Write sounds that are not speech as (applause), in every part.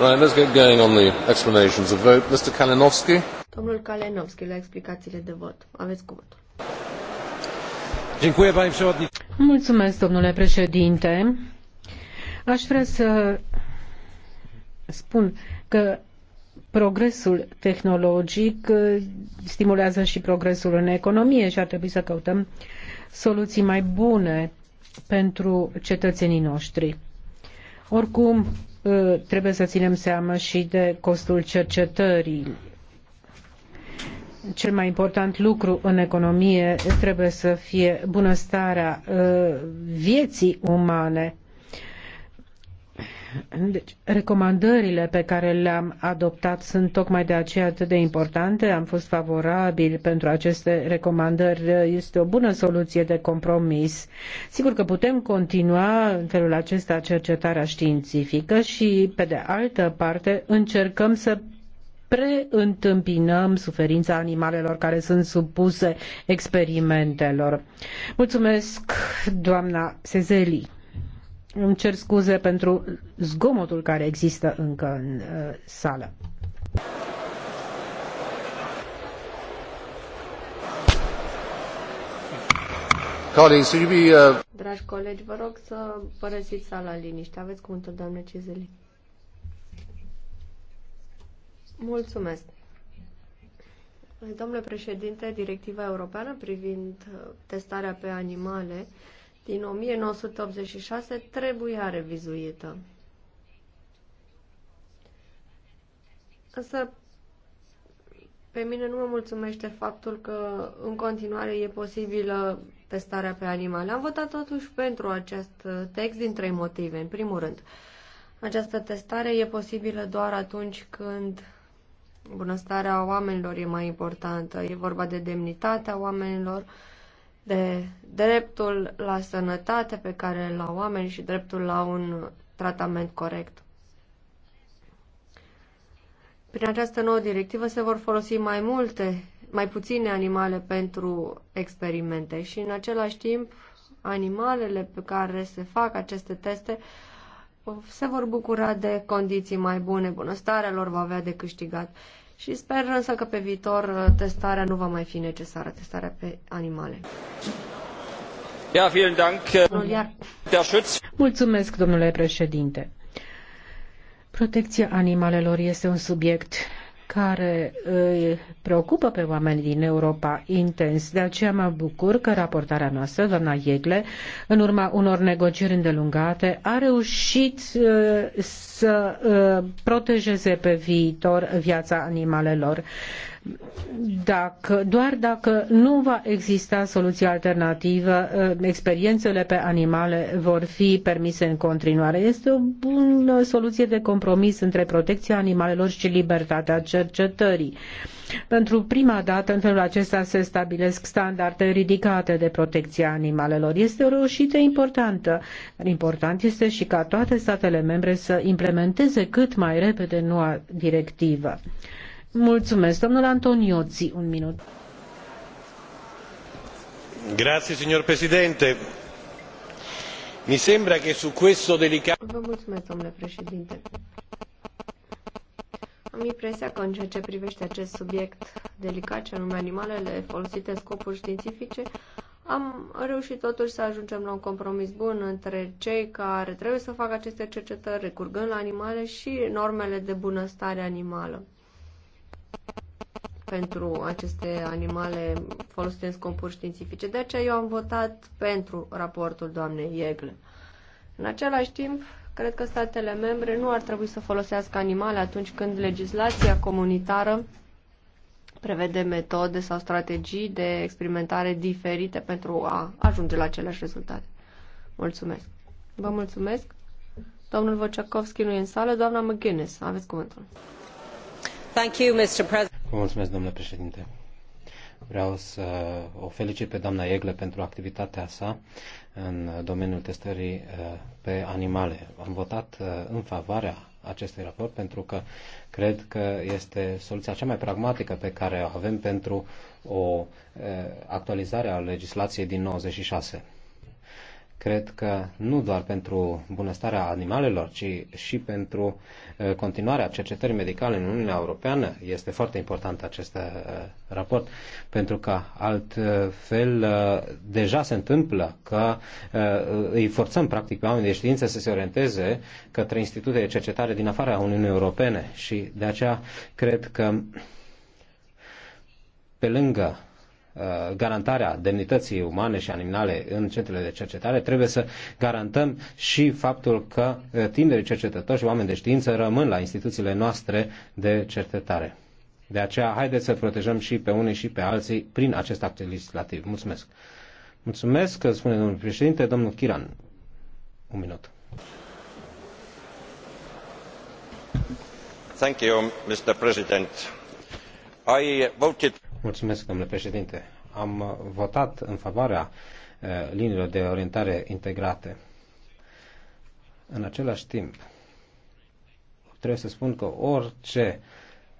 Right, let's get going Domnul Kalinowski, la explicațiile de vot. Aveți cuvântul. Mulțumesc, domnule președinte. Aș vrea să spun că progresul tehnologic uh, stimulează și progresul în economie și ar trebui să căutăm soluții mai bune pentru cetățenii noștri. Oricum, Uh, trebuie să ținem seama și de costul cercetării. Cel mai important lucru în economie trebuie să fie bunăstarea uh, vieții umane deci, recomandările pe care le-am adoptat sunt tocmai de aceea atât de importante. Am fost favorabil pentru aceste recomandări. Este o bună soluție de compromis. Sigur că putem continua în felul acesta cercetarea științifică și, pe de altă parte, încercăm să preîntâmpinăm suferința animalelor care sunt supuse experimentelor. Mulțumesc, doamna Sezeli. Îmi cer scuze pentru zgomotul care există încă în uh, sală. Uh, Dragi colegi, vă rog să părăsiți sala liniște. Aveți cuvântul, doamne Cizeli. Mulțumesc. Domnule președinte, directiva europeană privind uh, testarea pe animale din 1986 trebuia revizuită. Însă, pe mine nu mă mulțumește faptul că în continuare e posibilă testarea pe animale. Am votat totuși pentru acest text din trei motive. În primul rând, această testare e posibilă doar atunci când bunăstarea oamenilor e mai importantă. E vorba de demnitatea oamenilor, uh, de dreptul la sănătate pe care la oameni și dreptul la un tratament corect. Prin această nouă directivă se vor folosi mai multe, mai puține animale pentru experimente și în același timp animalele pe care se fac aceste teste se vor bucura de condiții mai bune, bunăstarea lor va avea de câștigat și sper însă că pe viitor uh, testarea nu va mai fi necesară, testarea pe animale. Ja, vielen Dank. Äh, Der Schutz. Mulțumesc, domnule președinte. Protecția animalelor este un subiect care îi preocupă pe oamenii din Europa intens. De aceea mă bucur că raportarea noastră, doamna Iegle, în urma unor negocieri îndelungate, a reușit uh, să uh, protejeze pe viitor viața animalelor. Dacă, doar dacă nu va exista soluție alternativă, ă, experiențele pe animale vor fi permise în continuare. Este o bună soluție de compromis între protecția animalelor și libertatea cercetării. Pentru prima dată, în felul acesta, se stabilesc standarde ridicate de protecția animalelor. Este o reușită importantă. Important este și ca toate statele membre să implementeze cât mai repede noua directivă. Mulțumesc. Domnul Antonioți, un minut. Grazie, signor Presidente. Mi sembra che su questo delicato... Vă mulțumesc, domnule președinte. Am impresia că în ceea ce privește acest subiect delicat, ce anume animalele folosite scopuri științifice, am reușit totuși să ajungem la un compromis bun între cei care trebuie să facă aceste cercetări recurgând la animale și normele de bunăstare animală pentru aceste animale folosite în scopuri științifice. De aceea eu am votat pentru raportul doamnei Iegle. În același timp, cred că statele membre nu ar trebui să folosească animale atunci când legislația comunitară prevede metode sau strategii de experimentare diferite pentru a ajunge la aceleași rezultate. Mulțumesc. Vă mulțumesc. Domnul Vociakovski nu e în sală. Doamna McGuinness, aveți cuvântul. Thank you, Mr. President. Vă mulțumesc, domnule președinte. Vreau să o felicit pe doamna Iegle pentru activitatea sa în domeniul testării uh, pe animale. Am votat uh, în favoarea acestui raport pentru că cred că este soluția cea mai pragmatică pe care o avem pentru o uh, actualizare a legislației din 96. Cred că nu doar pentru bunăstarea animalelor, ci și pentru uh, continuarea cercetării medicale în Uniunea Europeană este foarte important acest uh, raport, pentru că altfel uh, deja se întâmplă că îi forțăm practic pe oamenii de știință să se orienteze către institute de cercetare din afara Uniunii Europene și de aceea cred că pe lângă Uh, garantarea demnității umane și animale în centrele de cercetare, trebuie să garantăm și faptul că uh, tinerii cercetători și oameni de știință rămân la instituțiile noastre de cercetare. De aceea, haideți să protejăm și pe unii și pe alții prin acest act legislativ. Mulțumesc! Mulțumesc, spune domnul președinte, domnul Chiran. Un minut. Thank you, Mr. President. I voted Mulțumesc, domnule președinte. Am uh, votat în favoarea uh, liniilor de orientare integrate. În același timp, trebuie să spun că orice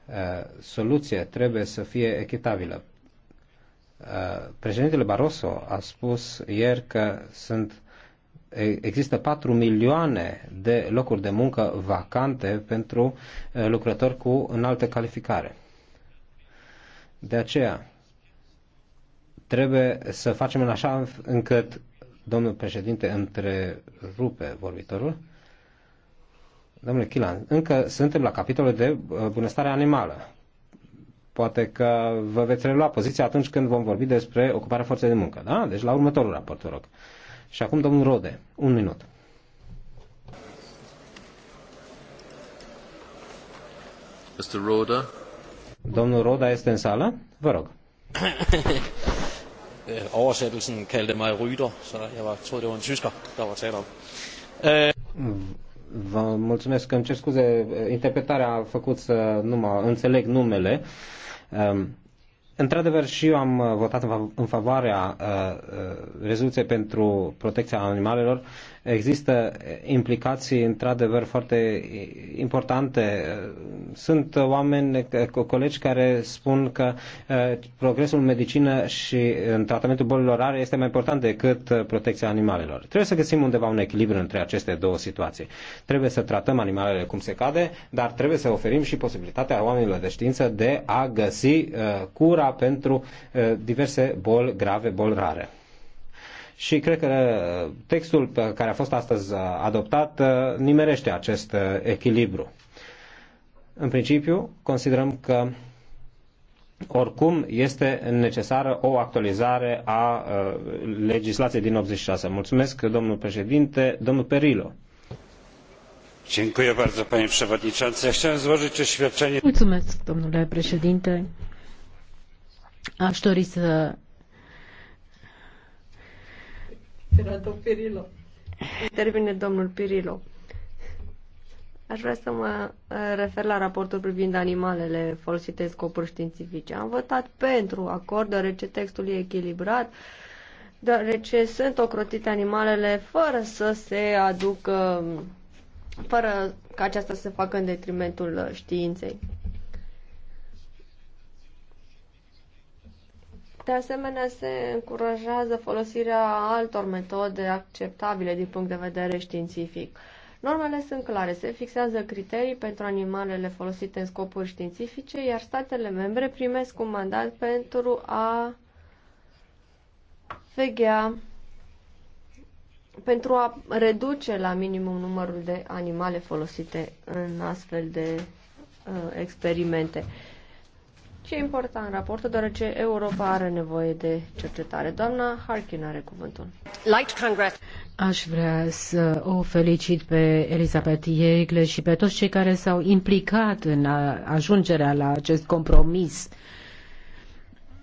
uh, soluție trebuie să fie echitabilă. Președintele Barroso a spus ieri că sunt există 4 milioane de locuri de muncă vacante pentru lucrători cu înaltă calificare. De aceea, trebuie să facem în așa încât domnul președinte întrerupe vorbitorul. Domnule Chilan, încă suntem la capitolul de uh, bunăstare animală. Poate că vă veți relua poziția atunci când vom vorbi despre ocuparea forței de muncă. Da? Deci la următorul raport, vă rog. Și acum domnul Rode, un minut. Mr. Roder. Domnul Roda este în sală? Vă rog. (coughs) Øh, oversættelsen kaldte mig Ryder, så jeg var, troede, det var en tysker, der var tale om. Øh. Vă mulțumesc că îmi cer scuze. Interpretarea a făcut să nu mă înțeleg numele. Ehm, într-adevăr, și eu am votat în favoarea uh, uh, rezoluției pentru protecția animalelor Există implicații, într-adevăr, foarte importante. Sunt oameni, colegi care spun că uh, progresul în medicină și în tratamentul bolilor rare este mai important decât uh, protecția animalelor. Trebuie să găsim undeva un echilibru între aceste două situații. Trebuie să tratăm animalele cum se cade, dar trebuie să oferim și posibilitatea oamenilor de știință de a găsi uh, cura pentru diverse boli grave, boli rare și cred că uh, textul care a fost astăzi uh, adoptat uh, nimerește acest echilibru. În principiu, considerăm că oricum este necesară o actualizare a legislației din 86. Mulțumesc, domnul președinte, domnul Perilo. Mulțumesc, domnule președinte. Aș dori să Senator Pirilo. Intervine domnul Pirilo. Aș vrea să mă uh, refer la raportul privind animalele folosite în scopuri științifice. Am votat pentru acord, deoarece textul e echilibrat, deoarece sunt ocrotite animalele fără să se aducă, fără ca aceasta să se facă în detrimentul uh, științei. De asemenea, se încurajează folosirea altor metode acceptabile din punct de vedere științific. Normele sunt clare, se fixează criterii pentru animalele folosite în scopuri științifice, iar statele membre primesc un mandat pentru a veghea pentru a reduce la minimum numărul de animale folosite în astfel de uh, experimente. Ce e important în raport, deoarece Europa are nevoie de cercetare. Doamna Harkin are cuvântul. Aș vrea să o felicit pe Elizabeth Iegle și pe toți cei care s-au implicat în ajungerea la acest compromis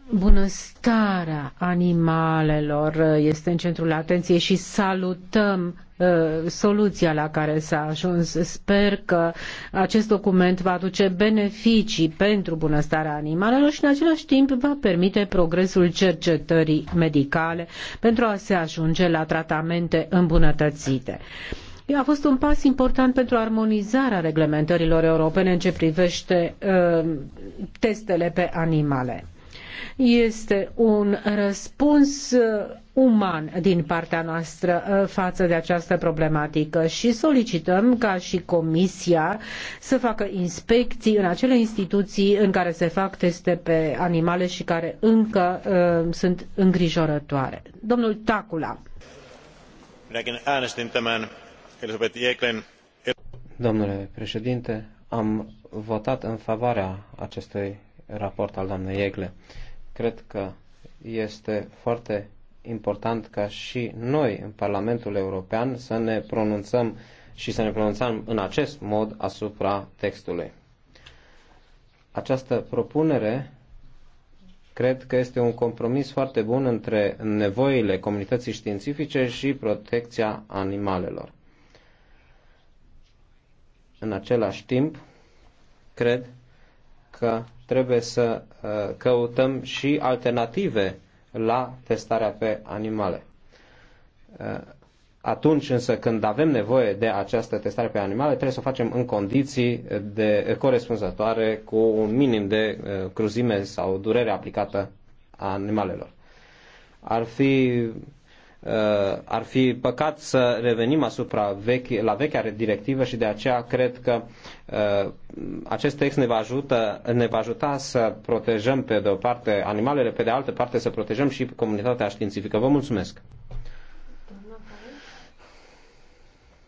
Bunăstarea animalelor este în centrul atenției și salutăm Uh, soluția la care s-a ajuns. Sper că acest document va aduce beneficii pentru bunăstarea animalelor și în același timp va permite progresul cercetării medicale pentru a se ajunge la tratamente îmbunătățite. A fost un pas important pentru armonizarea reglementărilor europene în ce privește uh, testele pe animale. Este un răspuns uh, uman din partea noastră uh, față de această problematică și solicităm ca și Comisia să facă inspecții în acele instituții în care se fac teste pe animale și care încă uh, sunt îngrijorătoare. Domnul Tacula. Domnule președinte, am votat în favoarea acestui raport al doamnei Jeggle. Cred că este foarte important ca și noi în Parlamentul European să ne pronunțăm și să ne pronunțăm în acest mod asupra textului. Această propunere cred că este un compromis foarte bun între nevoile comunității științifice și protecția animalelor. În același timp, cred că trebuie să uh, căutăm și alternative la testarea pe animale. Eh, atunci însă când avem nevoie de această testare pe animale, trebuie să o facem în condiții de corespunzătoare cu un minim de eh, cruzime sau durere aplicată a animalelor. Ar fi Uh, ar fi păcat să revenim asupra vechi, la vechea directivă și de aceea cred că uh, acest text ne va, ajută, ne va ajuta să protejăm pe de o parte animalele, pe de altă parte să protejăm și comunitatea științifică. Vă mulțumesc!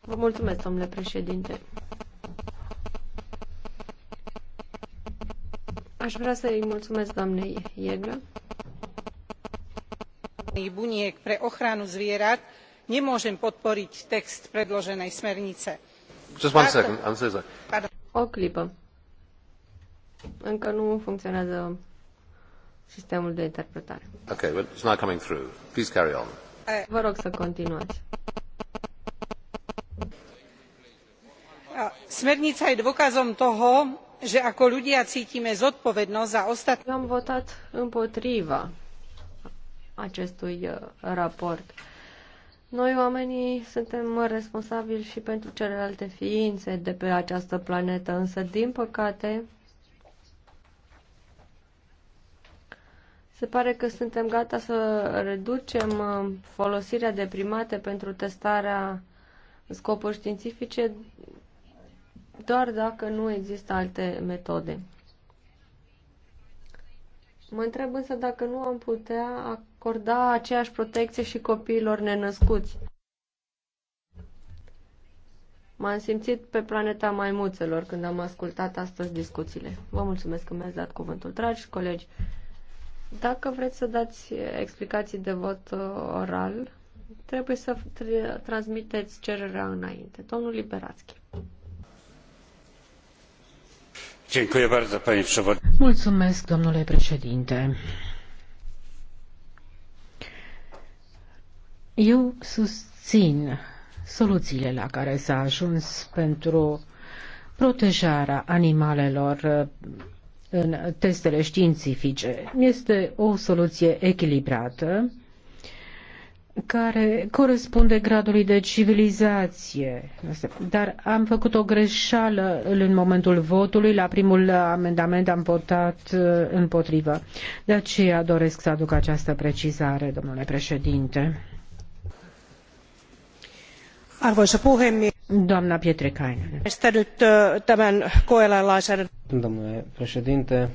Vă mulțumesc, domnule președinte. Aș vrea să-i mulțumesc doamnei Ieglă buniek pre ochranu zvierat nemôžem podporiť text predloženej smernice. O clipă. Încă nu funcționează sistemul de interpretare. Okay, but it's not coming through. Please carry on. Vă rog să continuați. Smernica je dôkazom toho, že ako ľudia cítime zodpovednosť za ostatní. Am votat împotriva acestui uh, raport. Noi, oamenii, suntem responsabili și pentru celelalte ființe de pe această planetă, însă, din păcate, se pare că suntem gata să reducem uh, folosirea de primate pentru testarea scopuri științifice doar dacă nu există alte metode. Mă întreb însă dacă nu am putea acorda aceeași protecție și copiilor nenăscuți. M-am simțit pe planeta maimuțelor când am ascultat astăzi discuțiile. Vă mulțumesc că mi-ați dat cuvântul, dragi colegi. Dacă vreți să dați explicații de vot uh, oral, trebuie să transmiteți cererea înainte. Domnul Liberațchi. Mulțumesc, domnule președinte. Eu susțin soluțiile la care s-a ajuns pentru protejarea animalelor uh, în testele științifice. Este o soluție echilibrată care corespunde gradului de civilizație. Dar am făcut o greșeală în momentul votului. La primul amendament am votat uh, împotrivă. De aceea doresc să aduc această precizare, domnule președinte. Arvoisa puhemies. Doamna Pietrikainen. tämän koeläinlainsäädännön. Domnule președinte,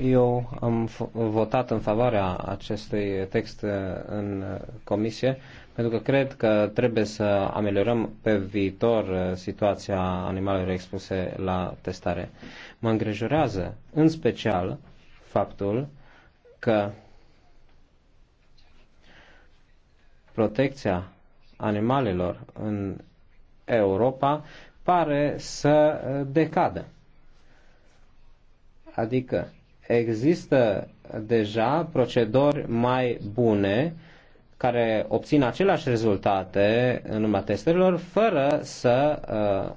eu am votat în favoarea acestui text în comisie pentru că cred că trebuie să ameliorăm pe viitor situația animalelor expuse la testare. Mă îngrijorează în special faptul că protecția animalelor în Europa pare să decadă. Adică există deja proceduri mai bune care obțin aceleași rezultate în urma testărilor fără să uh,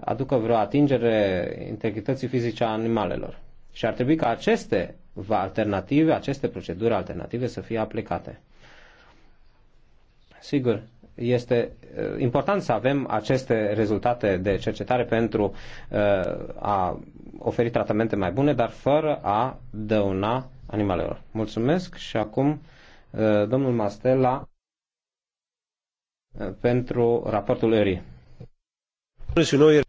aducă vreo atingere integrității fizice a animalelor. Și ar trebui ca aceste alternative, aceste proceduri alternative să fie aplicate. Sigur, este uh, important să avem aceste rezultate de cercetare pentru uh, a oferi tratamente mai bune, dar fără a dăuna animalelor. Mulțumesc și acum uh, domnul Mastela pentru raportul ERI.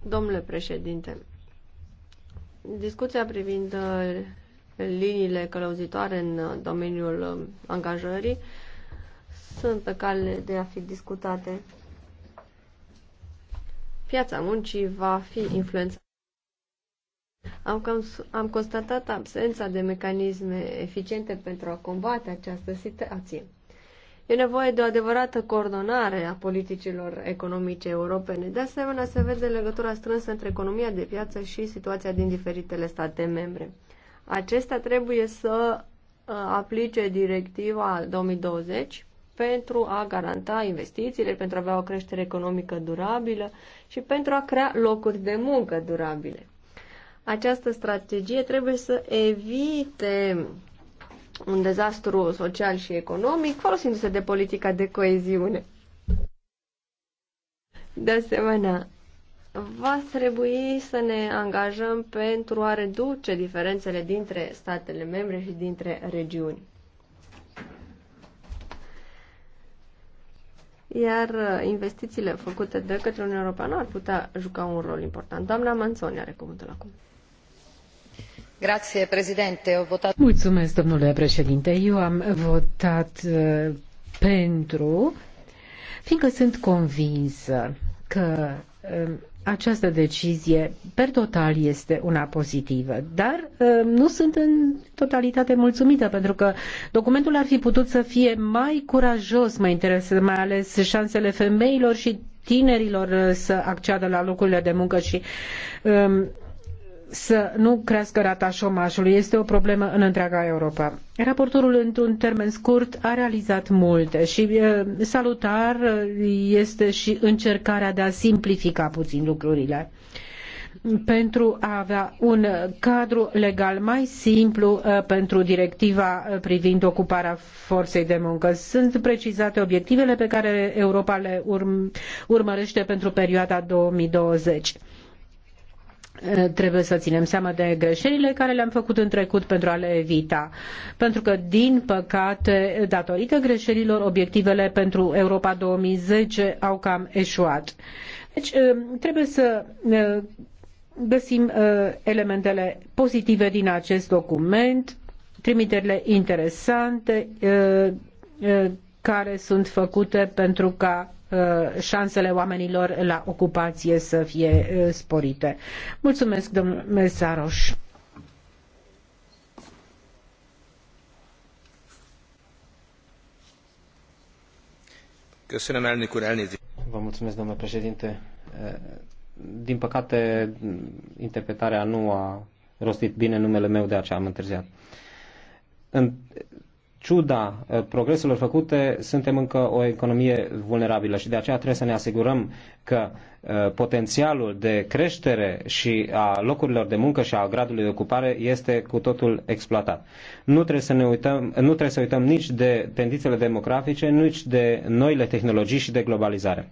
Domnule președinte, discuția privind liniile călăuzitoare în domeniul angajării sunt pe cale de a fi discutate. Piața muncii va fi influențată. Am, am constatat absența de mecanisme eficiente pentru a combate această situație. E nevoie de o adevărată coordonare a politicilor economice europene. De asemenea, se vede legătura strânsă între economia de piață și situația din diferitele state membre. Acestea trebuie să uh, aplice directiva 2020 pentru a garanta investițiile, pentru a avea o creștere economică durabilă și pentru a crea locuri de muncă durabile. Această strategie trebuie să evite un dezastru social și economic folosindu-se de politica de coeziune. De asemenea, va trebui să ne angajăm pentru a reduce diferențele dintre statele membre și dintre regiuni. iar uh, investițiile făcute de către Uniunea Europeană ar putea juca un rol important. Doamna Manzoni are cuvântul acum. Grazie, președinte. Votat... Mulțumesc, domnule președinte. Eu am votat uh, pentru, fiindcă sunt convinsă că uh, această decizie, per total, este una pozitivă, dar ă, nu sunt în totalitate mulțumită, pentru că documentul ar fi putut să fie mai curajos, mai interesant, mai ales șansele femeilor și tinerilor ă, să acceadă la locurile de muncă și uh, să nu crească rata șomajului. Este o problemă în întreaga Europa. Raportorul, într-un termen scurt, a realizat multe și salutar este și încercarea de a simplifica puțin lucrurile pentru a avea un cadru legal mai simplu pentru directiva privind ocuparea forței de muncă. Sunt precizate obiectivele pe care Europa le urm- urmărește pentru perioada 2020. Eh, trebuie să ținem seama de greșelile care le-am făcut în trecut pentru a le evita. Pentru că, din păcate, datorită greșelilor, obiectivele pentru Europa 2010 au cam eșuat. Deci, eh, trebuie să eh, găsim elementele pozitive din acest document, trimiterile interesante care sunt făcute pentru ca Uh, șansele oamenilor la ocupație să fie uh, sporite. Mulțumesc, domnule Mesaroș. Vă mulțumesc, domnule președinte. Uh, din păcate, interpretarea nu a rostit bine numele meu, de aceea am întârziat ciuda eh, progreselor făcute, suntem încă o economie vulnerabilă și de aceea trebuie să ne asigurăm că eh, potențialul de creștere și a locurilor de muncă și a gradului de ocupare este cu totul exploatat. Nu trebuie să ne uităm, nu trebuie să uităm nici de tendințele demografice, nici de noile tehnologii și de globalizare.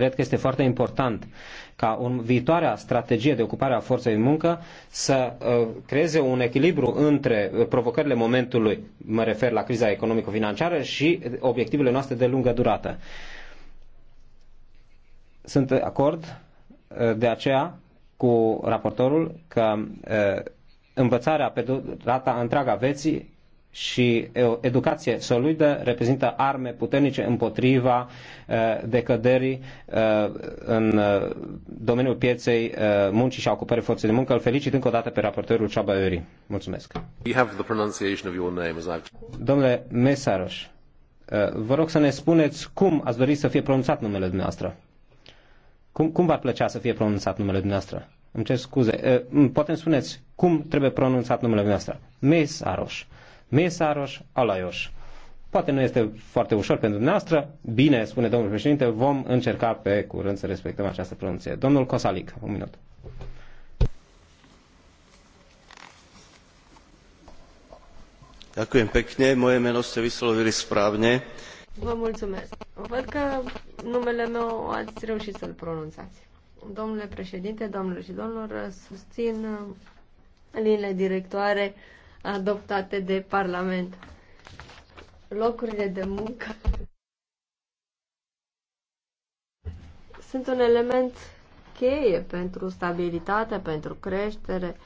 Cred că este foarte important ca un, viitoarea strategie de ocupare a forței de muncă să uh, creeze un echilibru între uh, provocările momentului, mă refer la criza economico-financiară, și obiectivele noastre de lungă durată. Sunt de acord uh, de aceea cu raportorul că uh, învățarea pe durata întreaga vieții și educație solidă reprezintă arme puternice împotriva decăderii în domeniul pieței muncii și a ocupării forței de muncă. Îl felicit încă o dată pe raportorul Ceaba Iuri. Mulțumesc. You have the pronunciation of your name, as I've... Domnule Mesaros, vă rog să ne spuneți cum ați dori să fie pronunțat numele dumneavoastră. Cum, cum v-ar plăcea să fie pronunțat numele dumneavoastră? Îmi cer scuze. Poate îmi spuneți cum trebuie pronunțat numele dumneavoastră. Mesaros? Mészáros Alajos. Poate nu este foarte ușor pentru dumneavoastră. Bine, spune domnul președinte, vom încerca pe curând să respectăm această pronunție. Domnul Cosalic, un minut. Ďakujem pekne, moje meno ste vyslovili správne. Vă mulțumesc. Văd că numele meu ați reușit să-l pronunțați. Domnule președinte, domnilor și domnilor, susțin linile directoare uh, adoptate de Parlament. Locurile de muncă sunt un element cheie pentru stabilitate, pentru creștere.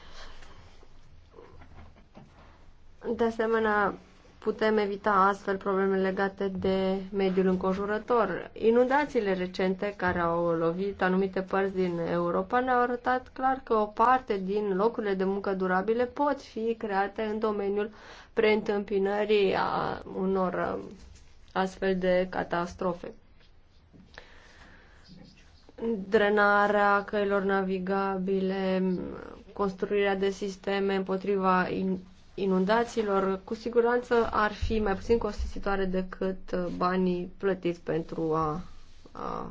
De asemenea, putem evita astfel probleme legate de mediul înconjurător. Inundațiile recente care au lovit anumite părți din Europa ne-au arătat clar că o parte din locurile de muncă durabile pot fi create în domeniul preîntâmpinării a unor um, astfel de catastrofe. Drenarea căilor navigabile, construirea de sisteme împotriva in inundațiilor, cu siguranță ar fi mai puțin costisitoare decât uh, banii plătiți pentru a, a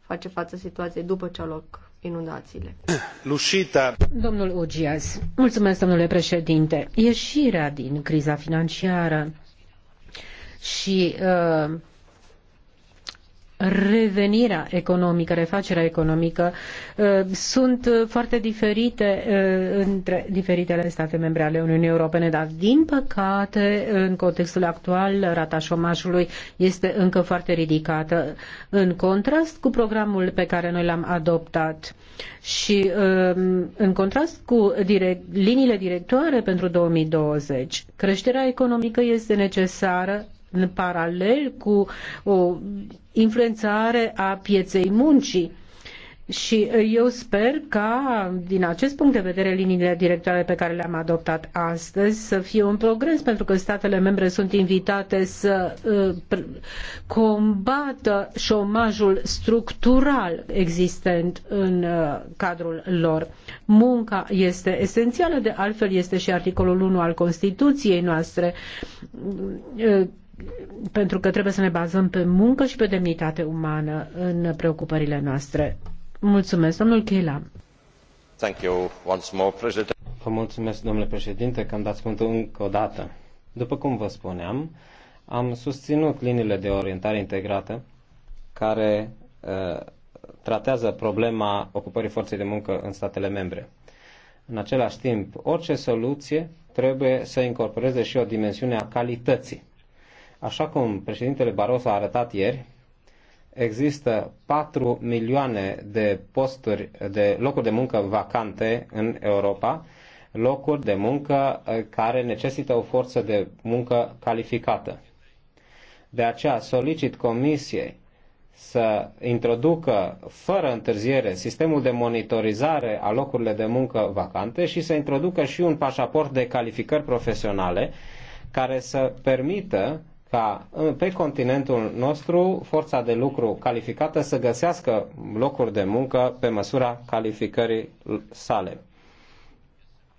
face față situației după ce au loc inundațiile. Lușita. Domnul Ugias, mulțumesc, domnule președinte. Ieșirea din criza financiară și uh, revenirea economică, refacerea economică, uh, sunt foarte diferite uh, între diferitele state membre ale Uniunii Europene, dar din păcate, în contextul actual, rata șomajului este încă foarte ridicată, în contrast cu programul pe care noi l-am adoptat și um, în contrast cu direct, liniile directoare pentru 2020. Creșterea economică este necesară în paralel cu o influențare a pieței muncii. Și eu sper ca, din acest punct de vedere, liniile directoare pe care le-am adoptat astăzi să fie un progres, pentru că statele membre sunt invitate să uh, combată șomajul structural existent în uh, cadrul lor. Munca este esențială, de altfel este și articolul 1 al Constituției noastre. Uh, pentru că trebuie să ne bazăm pe muncă și pe demnitate umană în preocupările noastre. Mulțumesc, domnul Chila. Thank you once more, President. Vă mulțumesc, domnule președinte, că îmi dați cuvântul încă o dată. După cum vă spuneam, am susținut liniile de orientare integrată care uh, tratează problema ocupării forței de muncă în statele membre. În același timp, orice soluție trebuie să incorporeze și o dimensiune a calității. Așa cum președintele Barroso a arătat ieri, există 4 milioane de posturi, de locuri de muncă vacante în Europa, locuri de muncă eh, care necesită o forță de muncă calificată. De aceea solicit Comisiei să introducă fără întârziere sistemul de monitorizare a locurilor de muncă vacante și să introducă și un pașaport de calificări profesionale care să permită ca pe continentul nostru forța de lucru calificată să găsească locuri de muncă pe măsura calificării sale.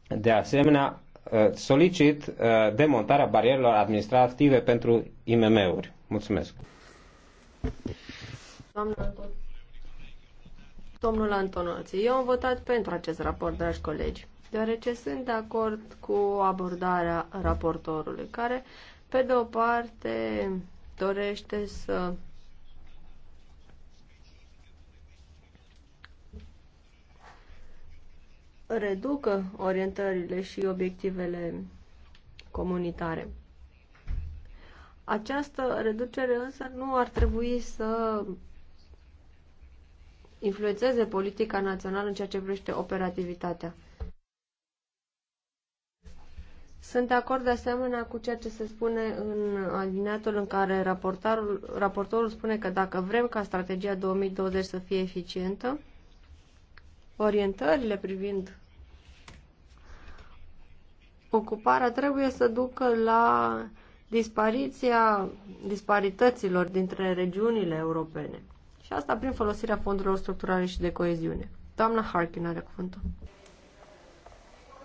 De asemenea, ă, solicit ă, demontarea barierelor administrative pentru IMM-uri. Mulțumesc. Domnul Antonoți, eu am votat pentru acest raport, dragi colegi, deoarece sunt de acord cu abordarea raportorului, care pe de o parte, dorește să reducă orientările și obiectivele comunitare. Această reducere însă nu ar trebui să influențeze politica națională în ceea ce privește operativitatea. Sunt de acord de asemenea cu ceea ce se spune în alineatul în care raportorul spune că dacă vrem ca strategia 2020 să fie eficientă, orientările privind ocuparea trebuie să ducă la dispariția disparităților dintre regiunile europene. Și asta prin folosirea fondurilor structurale și de coeziune. Doamna Harkin are cuvântul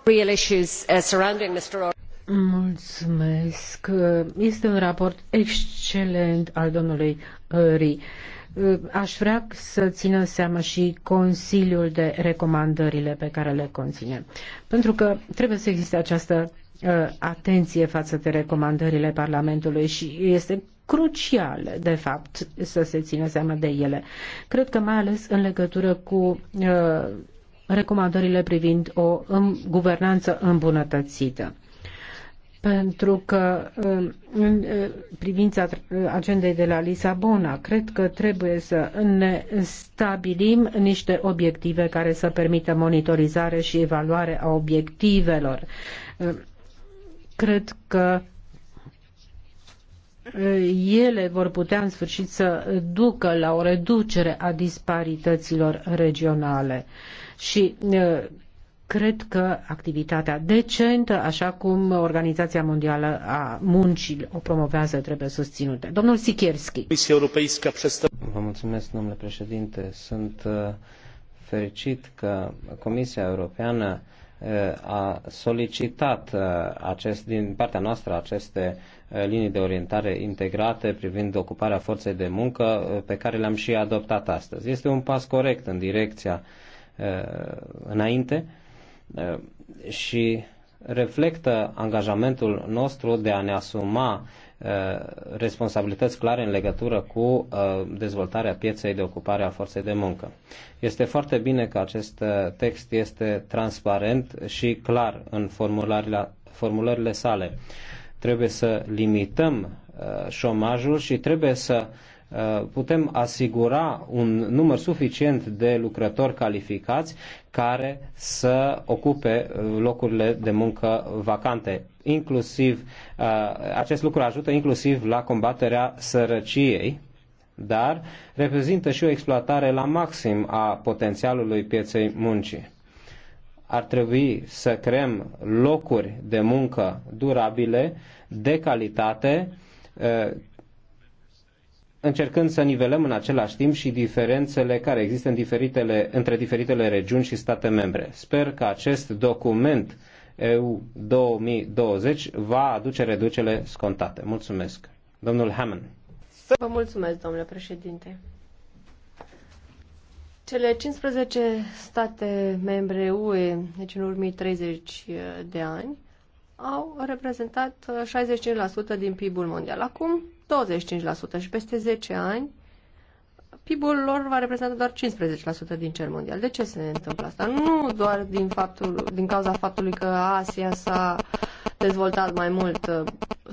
real issues uh, surrounding Mr. Mulțumesc. Este un raport excelent al domnului Ri. Aș vrea să țină seama și Consiliul de recomandările pe care le conține. Pentru că trebuie să existe această uh, atenție față de recomandările Parlamentului și este crucial, de fapt, să se țină seama de ele. Cred că mai ales în legătură cu uh, recomandările privind o guvernanță îmbunătățită pentru că um, în uh, privința uh, agendei de la Lisabona, cred că trebuie să ne stabilim niște obiective care să permită monitorizare și evaluare a obiectivelor. Um, cred că uh, ele vor putea în sfârșit să ducă la o reducere a disparităților regionale și cred că activitatea decentă, așa cum Organizația Mondială a Muncii o promovează, trebuie susținută. Domnul Sikierski. Vă mulțumesc, domnule președinte. Sunt fericit că Comisia Europeană a solicitat acest, din partea noastră aceste linii de orientare integrate privind ocuparea forței de muncă pe care le-am și adoptat astăzi. Este un pas corect în direcția Uh, înainte uh, și reflectă angajamentul nostru de a ne asuma uh, responsabilități clare în legătură cu dezvoltarea pieței de ocupare a forței de muncă. Este foarte bine că acest text este transparent și clar în formulările, formulările sale. Trebuie să limităm șomajul și trebuie să Uh, putem asigura un număr suficient de lucrători calificați care să ocupe uh, locurile de muncă vacante. Inclusiv, uh, acest lucru ajută inclusiv la combaterea sărăciei, dar reprezintă și o exploatare la maxim a potențialului pieței muncii. Ar trebui să creăm locuri de muncă durabile, de calitate, încercând să nivelăm în același timp și diferențele care există în diferitele, între diferitele regiuni și state membre. Sper că acest document EU 2020 va aduce reducele scontate. Mulțumesc. Domnul Hammond. Vă mulțumesc, domnule președinte. Cele 15 state membre UE, deci în urmii 30 de ani, au reprezentat 65% din PIB-ul mondial. Acum 25% și peste 10 ani PIB-ul lor va reprezenta doar 15% din cer mondial. De ce se întâmplă asta? Nu doar din, faptul, din cauza faptului că Asia s-a dezvoltat mai mult.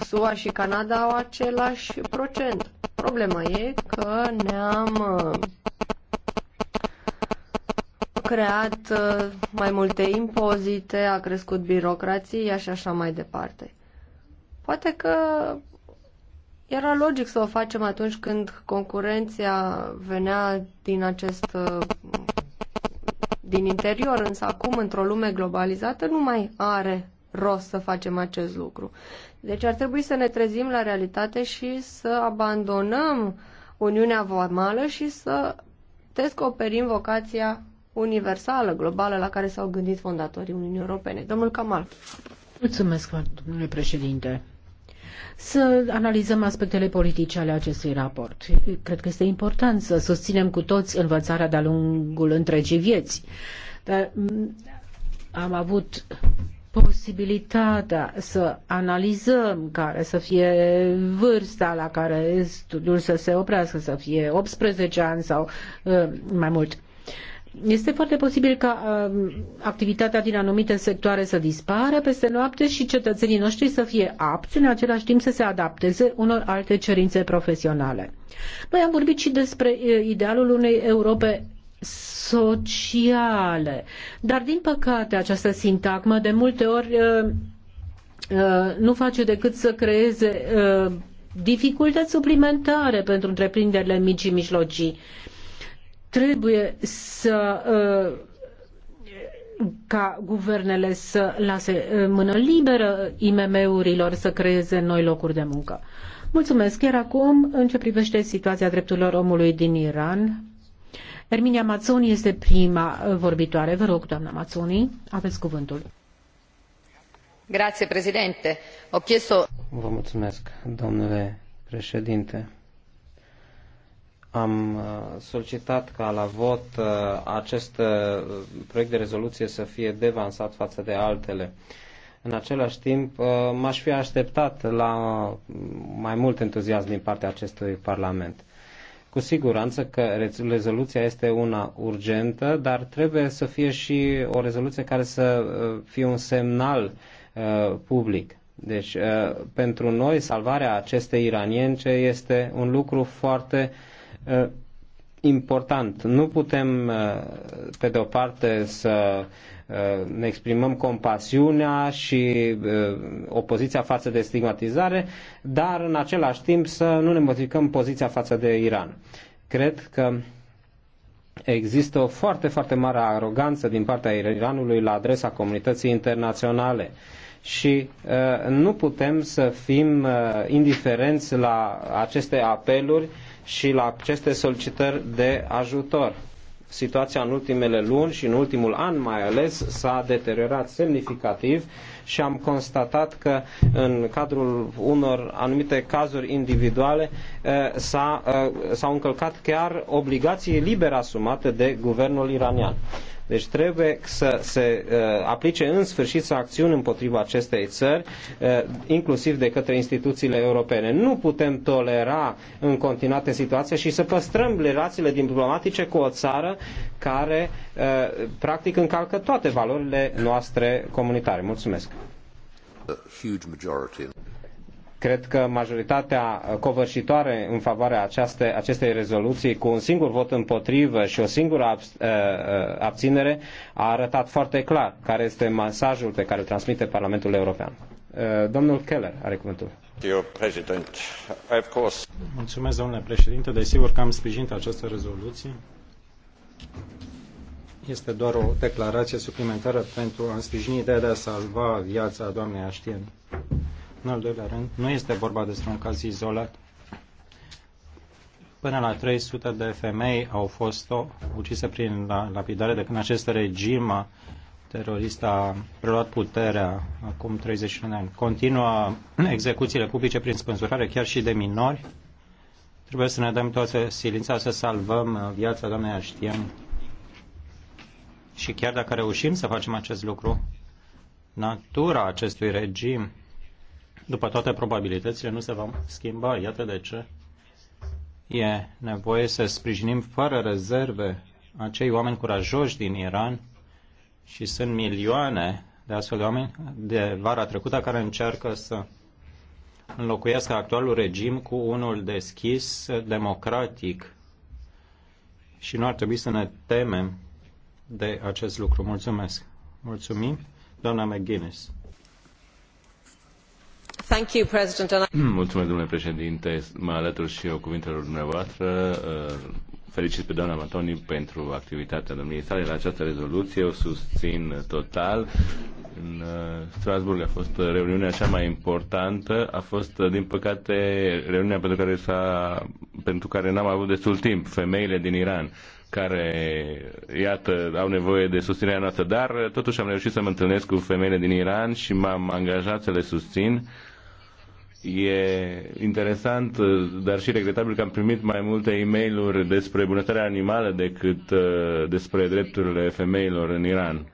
SUA și Canada au același procent. Problema e că ne-am uh, creat uh, mai multe impozite, a crescut birocrația și așa mai departe. Poate că era logic să o facem atunci când concurenția venea din acest din interior, însă acum, într-o lume globalizată, nu mai are rost să facem acest lucru. Deci ar trebui să ne trezim la realitate și să abandonăm Uniunea Vamală și să descoperim vocația universală, globală, la care s-au gândit fondatorii Uniunii Europene. Domnul Kamal. Mulțumesc, domnule președinte să analizăm aspectele politice ale acestui raport. Cred că este important să susținem cu toți învățarea de-a lungul întregii vieți. Dar mm, am avut posibilitatea să analizăm care să fie vârsta la care studiul să se oprească, să fie 18 ani sau uh, mai mult este foarte posibil ca um, activitatea din anumite sectoare să dispară peste noapte și cetățenii noștri să fie apți în același timp să se adapteze unor alte cerințe profesionale. Noi am vorbit și despre uh, idealul unei Europe sociale, dar din păcate această sintagmă de multe ori uh, uh, nu face decât să creeze dificultăți suplimentare pentru întreprinderile mici și mijlocii. Uh, trebuie să uh, ca guvernele să lase uh, mână liberă IMM-urilor să creeze noi locuri de muncă. Mulțumesc. Iar acum, în ce privește situația drepturilor omului din Iran, Erminia Mazzoni este prima uh, vorbitoare. Vă rog, doamna Mazzoni, aveți cuvântul. Grazie, președinte. chiesto... Vă mulțumesc, domnule președinte. Am uh, solicitat ca la vot uh, acest uh, proiect de rezoluție să fie devansat față de altele. În același timp, m-aș fi așteptat la mai mult entuziasm din partea acestui Parlament. Cu siguranță că rezoluția este una urgentă, dar trebuie să fie și o rezoluție care să fie un semnal public. Deci, pentru noi, salvarea acestei iranience este un lucru foarte Uh, important. Nu putem, uh, pe de o parte, să uh, ne exprimăm compasiunea și opoziția față de stigmatizare, dar în același timp să nu ne modificăm poziția față de Iran. Cred că există o foarte, foarte mare aroganță din partea Iranului la adresa comunității internaționale și uh, nu putem să fim uh, indiferenți la aceste apeluri uh, și la aceste solicitări de ajutor. Situația în ultimele luni și în ultimul an mai ales s-a deteriorat semnificativ și am constatat că în cadrul unor anumite cazuri individuale eh, eh, s-au încălcat chiar obligații liber asumate de guvernul iranian. Deci trebuie să se uh, aplice în sfârșit sancțiuni împotriva acestei țări, uh, inclusiv de către instituțiile europene. Nu putem tolera în continuate situații și să păstrăm relațiile diplomatice cu o țară care uh, practic încalcă toate valorile noastre comunitare. Mulțumesc! Cred că majoritatea covârșitoare în favoarea aceaste, acestei rezoluții, cu un singur vot împotrivă și o singură ab, uh, uh, abținere, a arătat foarte clar care este mesajul pe care îl transmite Parlamentul European. Uh, domnul Keller are cuvântul. Mulțumesc, domnule președinte. Desigur că am sprijinit această rezoluție. Este doar o declarație suplimentară pentru a sprijini ideea de a salva viața doamnei Aștien. În al doilea rând, nu este vorba despre un caz izolat. Până la 300 de femei au fost ucise prin lapidare de când acest regim terorist a preluat puterea acum 31 de ani. Continuă (clears throat) execuțiile publice prin spânzurare chiar și de minori. Trebuie să ne dăm toată silința să salvăm uh, viața doamnei Aștian. Și chiar dacă reușim să facem acest lucru, natura acestui regim după toate probabilitățile, nu se va schimba. Iată de ce e nevoie să sprijinim fără rezerve acei oameni curajoși din Iran și sunt milioane de astfel de oameni de vara trecută care încearcă să înlocuiască actualul regim cu unul deschis, democratic și nu ar trebui să ne temem de acest lucru. Mulțumesc. Mulțumim, doamna McGuinness. Hmm, mulțumesc, domnule președinte. Mă alătur și eu cuvintelor dumneavoastră. Uh, felicit pe doamna Matoni pentru activitatea domniei sale la această rezoluție. O susțin total. În uh, Strasburg a fost reuniunea cea mai importantă. A fost, uh, din păcate, reuniunea pentru care, s-a, pentru care n-am avut destul timp. Femeile din Iran care, iată, au nevoie de susținerea noastră, dar totuși am reușit să mă întâlnesc cu femeile din Iran și m-am angajat să le susțin E interesant, dar și regretabil că am primit mai multe e mail despre bunătatea animală decât uh, despre drepturile femeilor în Iran.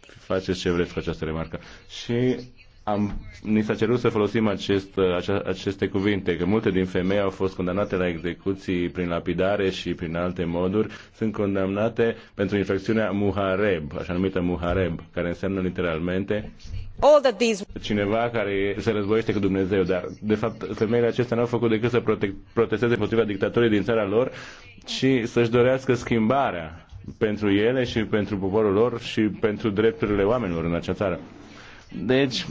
Faceți ce vreți cu această remarcă. Și am, ni s-a cerut să folosim acest, acea, aceste cuvinte, că multe din femei au fost condamnate la execuții prin lapidare și prin alte moduri, sunt condamnate pentru infracțiunea muhareb, așa numită muhareb, care înseamnă literalmente cineva care se războiește cu Dumnezeu, dar de fapt femeile acestea nu au făcut decât să prote- protesteze împotriva dictatorii din țara lor și să-și dorească schimbarea pentru ele și pentru poporul lor și pentru drepturile oamenilor în acea țară. Deci,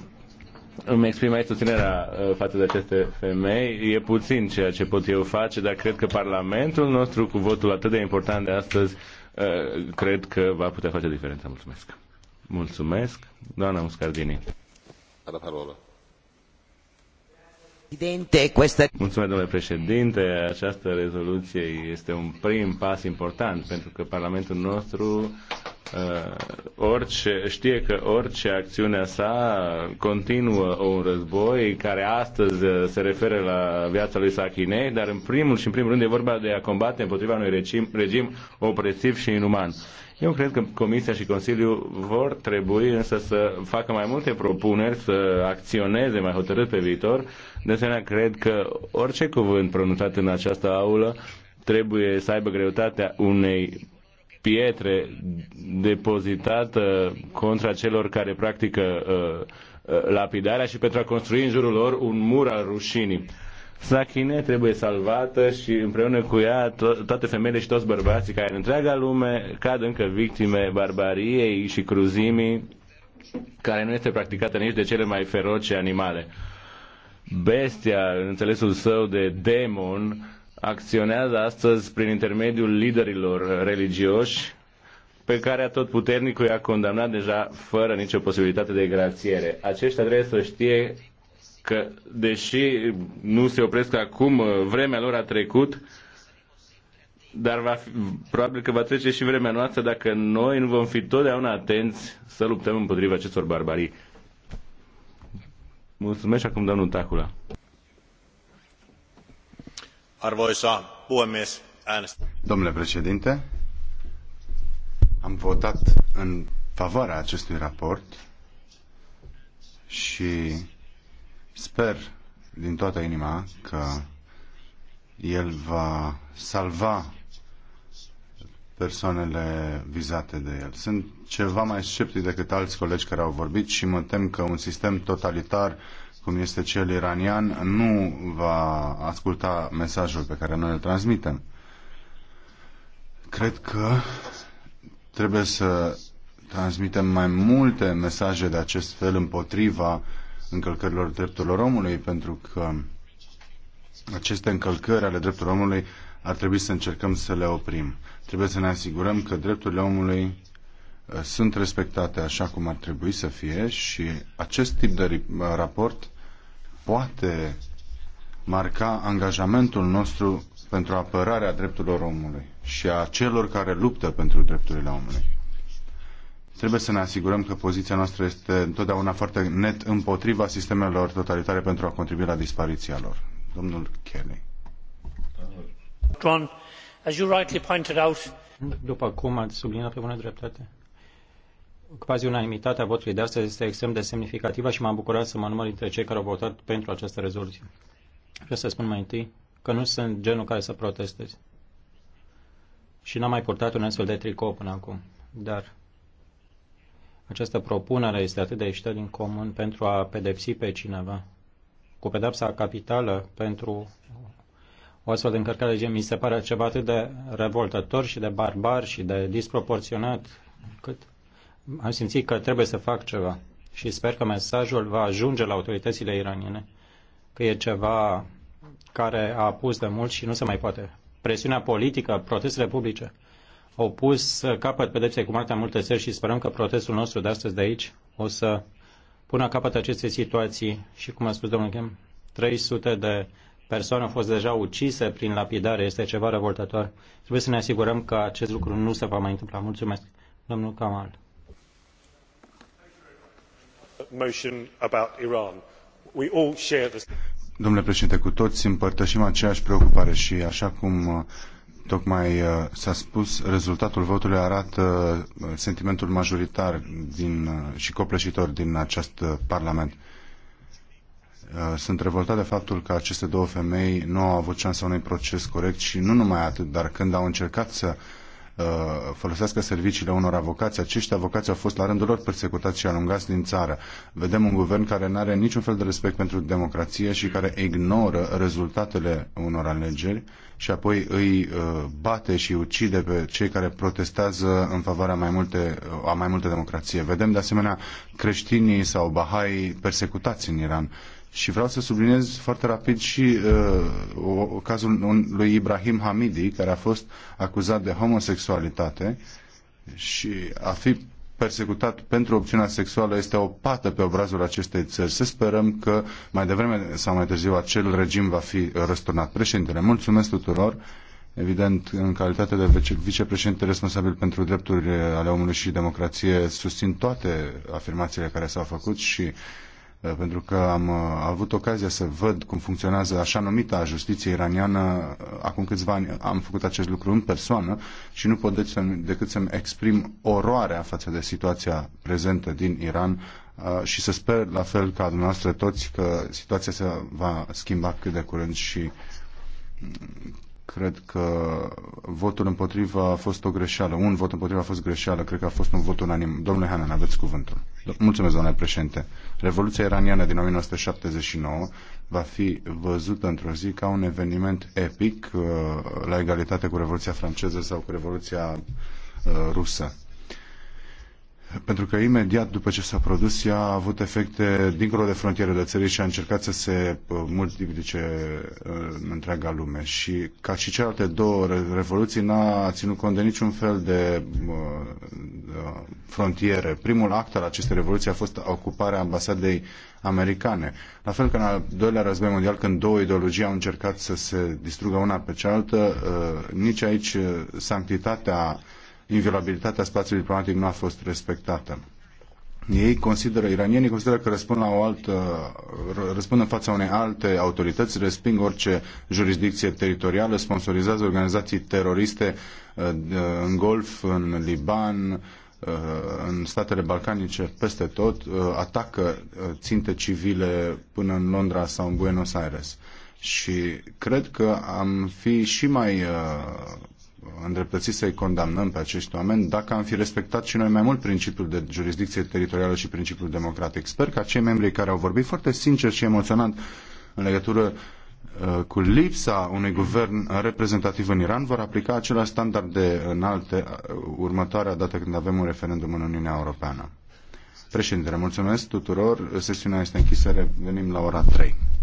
îmi exprim aici susținerea uh, față de aceste femei. E puțin ceea ce pot eu face, dar cred că Parlamentul nostru, cu votul atât de important de astăzi, uh, cred că va putea face diferența. Mulțumesc. Mulțumesc, doamna Muscardini. Are la parola. Mulțumesc, domnule președinte. Această rezoluție este un prim pas important pentru că Parlamentul nostru uh, orice, știe că orice acțiune sa continuă un război care astăzi uh, se referă la viața lui Sachinei, dar în primul și în primul rând e vorba de a combate împotriva unui regim, regim opresiv și inuman. Eu cred că Comisia și Consiliul vor trebui însă să facă mai multe propuneri, să acționeze mai hotărât pe viitor de asemenea, cred că orice cuvânt pronunțat în această aulă trebuie să aibă greutatea unei pietre depozitată contra celor care practică uh, uh, lapidarea și pentru a construi în jurul lor un mur al rușinii. Sachine trebuie salvată și împreună cu ea to- toate femeile și toți bărbații care în întreaga lume cad încă victime barbariei și cruzimii care nu este practicată nici de cele mai feroce animale bestia, în înțelesul său de demon, acționează astăzi prin intermediul liderilor religioși pe care atotputernicul i-a condamnat deja fără nicio posibilitate de grațiere. Aceștia trebuie să știe că, deși nu se opresc acum, vremea lor a trecut, dar va fi, probabil că va trece și vremea noastră dacă noi nu vom fi totdeauna atenți să luptăm împotriva acestor barbarii. Mulțumesc acum domnul Tacula. Arvoisa puhemies, äänestä. Domnule președinte, am votat în favoarea acestui raport și sper din toată inima că el va salva persoanele vizate de el. Sunt ceva mai sceptic decât alți colegi care au vorbit și mă tem că un sistem totalitar cum este cel iranian nu va asculta mesajul pe care noi îl transmitem. Cred că trebuie să transmitem mai multe mesaje de acest fel împotriva încălcărilor drepturilor omului, pentru că aceste încălcări ale drepturilor omului ar trebui să încercăm să le oprim. Trebuie să ne asigurăm că drepturile omului uh, sunt respectate așa cum ar trebui să fie și acest tip de uh, raport poate marca angajamentul nostru pentru apărarea drepturilor omului și a celor care luptă pentru drepturile omului. Trebuie să ne asigurăm că poziția noastră este întotdeauna foarte net împotriva sistemelor totalitare pentru a contribui la dispariția lor. Domnul Kelly. John as you rightly pointed out după cum ați subliniat pe bună dreptate quasi unanimitatea votului de astăzi este extrem de semnificativă și m-am bucurat să mă număr dintre cei care au votat pentru această rezoluție. Vreau să spun mai întâi că nu sunt genul care să protestez. Și n-am mai purtat un astfel de tricou până acum. Dar această propunere este atât de ieșită din comun pentru a pedepsi pe cineva cu pedepsa capitală pentru o astfel de încărcare de gen mi se pare ceva atât de revoltător și de barbar și de disproporționat cât am simțit că trebuie să fac ceva. Și sper că mesajul va ajunge la autoritățile iraniene că e ceva care a pus de mult și nu se mai poate. Presiunea politică, protestele publice au pus capăt pedepsei cu moartea multe țări și sperăm că protestul nostru de astăzi de aici o să pună capăt acestei situații și, cum a spus domnul Chem, 300 de persoane au fost deja ucise prin lapidare. Este ceva revoltător. Trebuie să ne asigurăm că acest lucru nu se va mai întâmpla. Mulțumesc, domnul Kamal. Domnule președinte, cu toți împărtășim aceeași preocupare și așa cum uh, tocmai uh, s-a spus, rezultatul votului arată uh, sentimentul majoritar din, și copleșitor din acest Parlament Uh, sunt revoltat de faptul că aceste două femei nu au avut șansa unui proces corect și nu numai atât, dar când au încercat să uh, folosească serviciile unor avocați. Acești avocați au fost la rândul lor persecutați și alungați din țară. Vedem un guvern care nu are niciun fel de respect pentru democrație și care ignoră rezultatele unor alegeri și apoi îi uh, bate și ucide pe cei care protestează în favoarea mai multe, a mai multe democrație. Vedem de asemenea creștinii sau bahai persecutați în Iran și vreau să subliniez foarte rapid și uh, o, cazul lui Ibrahim Hamidi, care a fost acuzat de homosexualitate și a fi persecutat pentru opțiunea sexuală este o pată pe obrazul acestei țări. Să sperăm că mai devreme sau mai târziu acel regim va fi răsturnat. Președintele, mulțumesc tuturor, evident în calitate de vice vicepreședinte responsabil pentru drepturile ale omului și democrație, susțin toate afirmațiile care s-au făcut și Eh, pentru că am eh, avut ocazia să văd cum funcționează așa numita justiție iraniană. Eh, acum câțiva ani am făcut acest lucru în persoană și nu pot decât să-mi exprim oroarea față de situația prezentă din Iran și să sper la fel ca dumneavoastră toți că situația se va schimba cât de curând și mm, cred că votul împotriva a fost o greșeală. Un vot împotriva a fost greșeală. Cred că a fost un vot unanim. Domnule Hanan, aveți cuvântul. Mulțumesc, domnule președinte. Revoluția iraniană din 1979 va fi văzută într-o zi ca un eveniment epic uh, la egalitate cu Revoluția franceză sau cu Revoluția uh, rusă pentru că imediat după ce s-a produs, ea a avut efecte dincolo de frontierele țării și a încercat să se uh, multiplice uh, în întreaga lume. Și ca și celelalte două revoluții, n-a ținut cont de niciun fel de uh, frontiere. Primul act al acestei revoluții a fost ocuparea ambasadei americane. La fel ca în al doilea război mondial, când două ideologii au încercat să se distrugă una pe cealaltă, nici aici sanctitatea inviolabilitatea spațiului diplomatic nu a fost respectată. Ei consideră, iranienii consideră că răspund, la o altă, răspund în fața unei alte autorități, resping orice jurisdicție teritorială, sponsorizează organizații teroriste uh, uh, în Golf, în Liban, uh, în statele balcanice, peste tot, atacă ținte civile până în Londra sau în Buenos Aires. Și cred că am fi și mai îndreptățit să-i condamnăm pe acești oameni dacă am fi respectat și noi mai mult principiul de jurisdicție teritorială și principiul democratic. Sper ca cei membri care au vorbit foarte sincer și emoționant în legătură uh, cu lipsa unui guvern reprezentativ în Iran vor aplica același standard de înalte uh, următoarea dată când avem un referendum în Uniunea Europeană. Președintele, mulțumesc tuturor. Sesiunea este închisă. Revenim la ora 3.